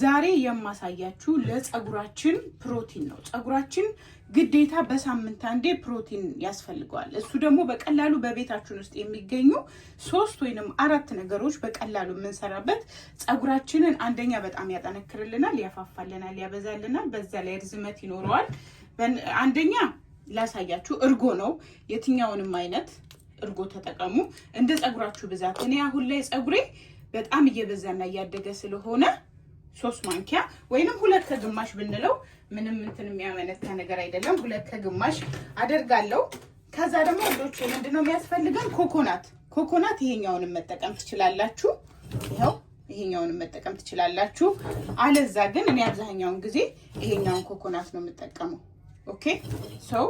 ዛሬ የማሳያችሁ ለፀጉራችን ፕሮቲን ነው። ፀጉራችን ግዴታ በሳምንት አንዴ ፕሮቲን ያስፈልገዋል። እሱ ደግሞ በቀላሉ በቤታችን ውስጥ የሚገኙ ሶስት ወይንም አራት ነገሮች በቀላሉ የምንሰራበት ፀጉራችንን አንደኛ በጣም ያጠነክርልናል፣ ያፋፋልናል፣ ያበዛልናል፣ በዛ ላይ ርዝመት ይኖረዋል። አንደኛ ላሳያችሁ እርጎ ነው። የትኛውንም አይነት እርጎ ተጠቀሙ እንደ ፀጉራችሁ ብዛት። እኔ አሁን ላይ ፀጉሬ በጣም እየበዛና እያደገ ስለሆነ ሶስት ማንኪያ ወይንም ሁለት ከግማሽ ብንለው ምንም እንትን የሚያመነታ ነገር አይደለም። ሁለት ከግማሽ አደርጋለሁ። ከዛ ደግሞ ወንዶች ምንድነው የሚያስፈልገን? ኮኮናት ኮኮናት። ይሄኛውን መጠቀም ትችላላችሁ። ይኸው ይሄኛውን መጠቀም ትችላላችሁ። አለዛ ግን እኔ አብዛኛውን ጊዜ ይሄኛውን ኮኮናት ነው የምጠቀመው። ኦኬ ሰው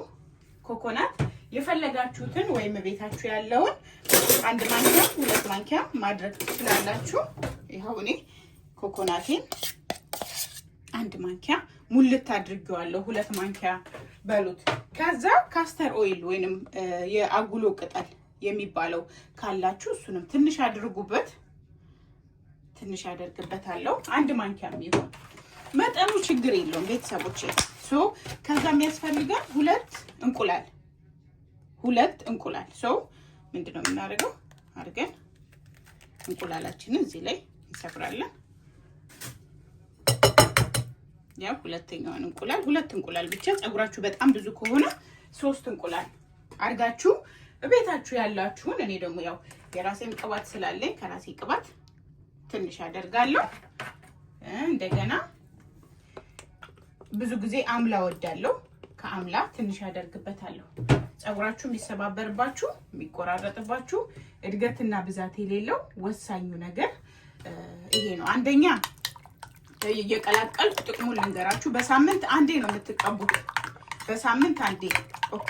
ኮኮናት የፈለጋችሁትን ወይም ቤታችሁ ያለውን አንድ ማንኪያ ሁለት ማንኪያ ማድረግ ትችላላችሁ። ይኸው እኔ ኮኮናቴን አንድ ማንኪያ ሙልት አድርጌዋለሁ። ሁለት ማንኪያ በሉት። ከዛ ካስተር ኦይል ወይንም የአጉሎ ቅጠል የሚባለው ካላችሁ እሱንም ትንሽ አድርጉበት። ትንሽ አለው። አንድ ማንኪያ የሚሆን መጠኑ ችግር የለውም ቤተሰቦች ሶ ከዛ የሚያስፈልገን ሁለት እንቁላል ሁለት እንቁላል። ሶ ምንድነው የምናደርገው አድርገን እንቁላላችንን እዚህ ላይ እንሰብራለን። ያው ሁለተኛውን እንቁላል ሁለት እንቁላል ብቻ ጸጉራችሁ በጣም ብዙ ከሆነ ሶስት እንቁላል አድርጋችሁ ቤታችሁ ያላችሁን እኔ ደግሞ ያው የራሴን ቅባት ስላለኝ ከራሴ ቅባት ትንሽ አደርጋለሁ። እንደገና ብዙ ጊዜ አምላ ወዳለሁ። ከአምላ ትንሽ አደርግበታለሁ። ጸጉራችሁ የሚሰባበርባችሁ የሚቆራረጥባችሁ እድገትና ብዛት የሌለው ወሳኙ ነገር ይሄ ነው። አንደኛ እየቀላቀልኩ ጥቅሙን ልንገራችሁ። በሳምንት አንዴ ነው የምትቀቡት። በሳምንት አንዴ ኦኬ።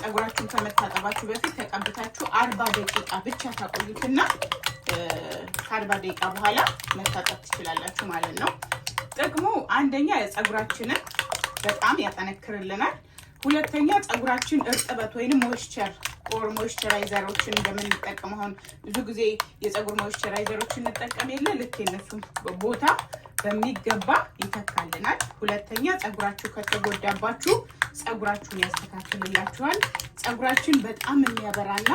ጸጉራችሁን ከመታጠባችሁ በፊት ተቀብታችሁ አርባ ደቂቃ ብቻ ታቆዩትና ከአርባ ደቂቃ በኋላ መታጠብ ትችላላችሁ ማለት ነው። ጥቅሙ አንደኛ የጸጉራችንን በጣም ያጠነክርልናል። ሁለተኛ ጸጉራችን እርጥበት ወይንም ሞይስቸር ኦር ሞይስቸራይዘሮችን እንደምንጠቀም አሁን ብዙ ጊዜ የጸጉር ሞይስቸራይዘሮችን እንጠቀም የለ ልክ የነሱም ቦታ በሚገባ ይተካልናል። ሁለተኛ ፀጉራችሁ ከተጎዳባችሁ ፀጉራችሁን ያስተካክልላችኋል። ፀጉራችን በጣም የሚያበራና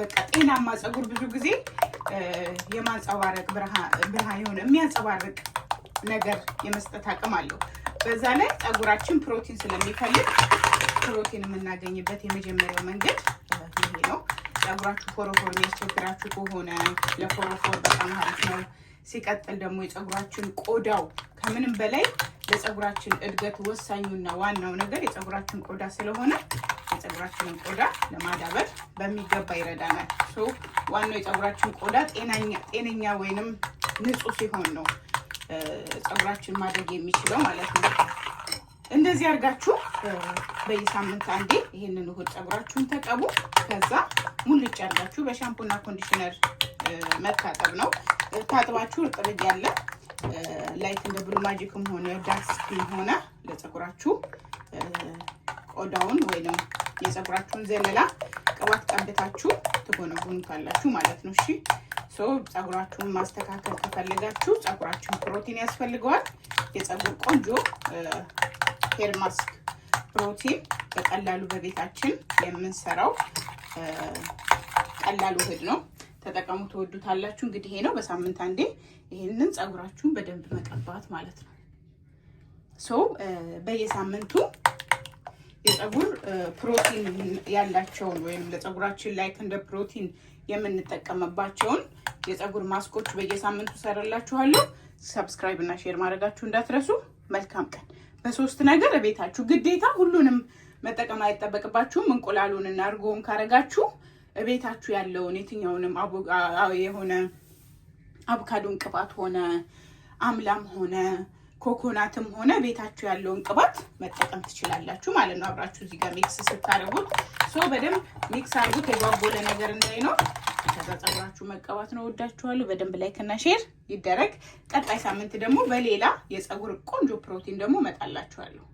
በቃ ጤናማ ፀጉር ብዙ ጊዜ የማንጸባረቅ ብርሃን የሆነ የሚያንጸባርቅ ነገር የመስጠት አቅም አለው። በዛ ላይ ፀጉራችን ፕሮቲን ስለሚፈልግ ፕሮቲን የምናገኝበት የመጀመሪያው መንገድ ፀጉራችሁ ፎረፎር የሚያስቸግራችሁ ከሆነ ለፎረፎር በጣም ሀሪፍ ነው። ሲቀጥል ደግሞ የፀጉራችን ቆዳው ከምንም በላይ ለፀጉራችን እድገት ወሳኙና ዋናው ነገር የፀጉራችን ቆዳ ስለሆነ የፀጉራችንን ቆዳ ለማዳበር በሚገባ ይረዳናል። ዋናው የፀጉራችን ቆዳ ጤነኛ ወይንም ንጹህ ሲሆን ነው ፀጉራችን ማደግ የሚችለው ማለት ነው። እንደዚህ አድርጋችሁ በየሳምንት አንዴ ይህንን እሁድ ፀጉራችሁን ተቀቡ። ከዛ ሙልጭ አድርጋችሁ በሻምፖና ኮንዲሽነር መታጠብ ነው። ታጥባችሁ እርጥብ ያለ ላይት እንደ ብሉ ማጂክም ሆነ ዳስክም ሆነ ለፀጉራችሁ ቆዳውን ወይም የፀጉራችሁን ዘለላ ቅባት ቀብታችሁ ትጎነጉኑታላችሁ ማለት ነው። እሺ ሰው ፀጉራችሁን ማስተካከል ከፈለጋችሁ ጸጉራችሁን ፕሮቲን ያስፈልገዋል። የጸጉር ቆንጆ ሄል ማስክ ፕሮቲን በቀላሉ በቤታችን የምንሰራው ቀላል ውህድ ነው። ተጠቀሙ፣ ትወዱታላችሁ። እንግዲህ ይሄ ነው በሳምንት አንዴ ይሄንን ፀጉራችሁን በደንብ መቀባት ማለት ነው። ሶ በየሳምንቱ የፀጉር ፕሮቲን ያላቸውን ወይም ለፀጉራችን ላይክ እንደ ፕሮቲን የምንጠቀምባቸውን የፀጉር ማስኮች በየሳምንቱ ሰራላችኋለሁ። ሰብስክራይብ እና ሼር ማድረጋችሁ እንዳትረሱ። መልካም ቀን በሶስት ነገር እቤታችሁ ግዴታ ሁሉንም መጠቀም አይጠበቅባችሁም። እንቁላሉን እና እርጎውን ካረጋችሁ እቤታችሁ ያለውን የትኛውንም የሆነ አቮካዶን ቅባት ሆነ አምላም ሆነ ኮኮናትም ሆነ ቤታችሁ ያለውን ቅባት መጠቀም ትችላላችሁ ማለት ነው። አብራችሁ እዚህ ጋር ሚክስ ስታደርጉት ሶ በደንብ ሚክስ አድርጉት የጓጎለ ነገር እንዳይኖር ከዛ መቀባት ነው። ወዳችኋለሁ። በደንብ ላይክ እና ሼር ይደረግ። ቀጣይ ሳምንት ደግሞ በሌላ የፀጉር ቆንጆ ፕሮቲን ደግሞ እመጣላችኋለሁ።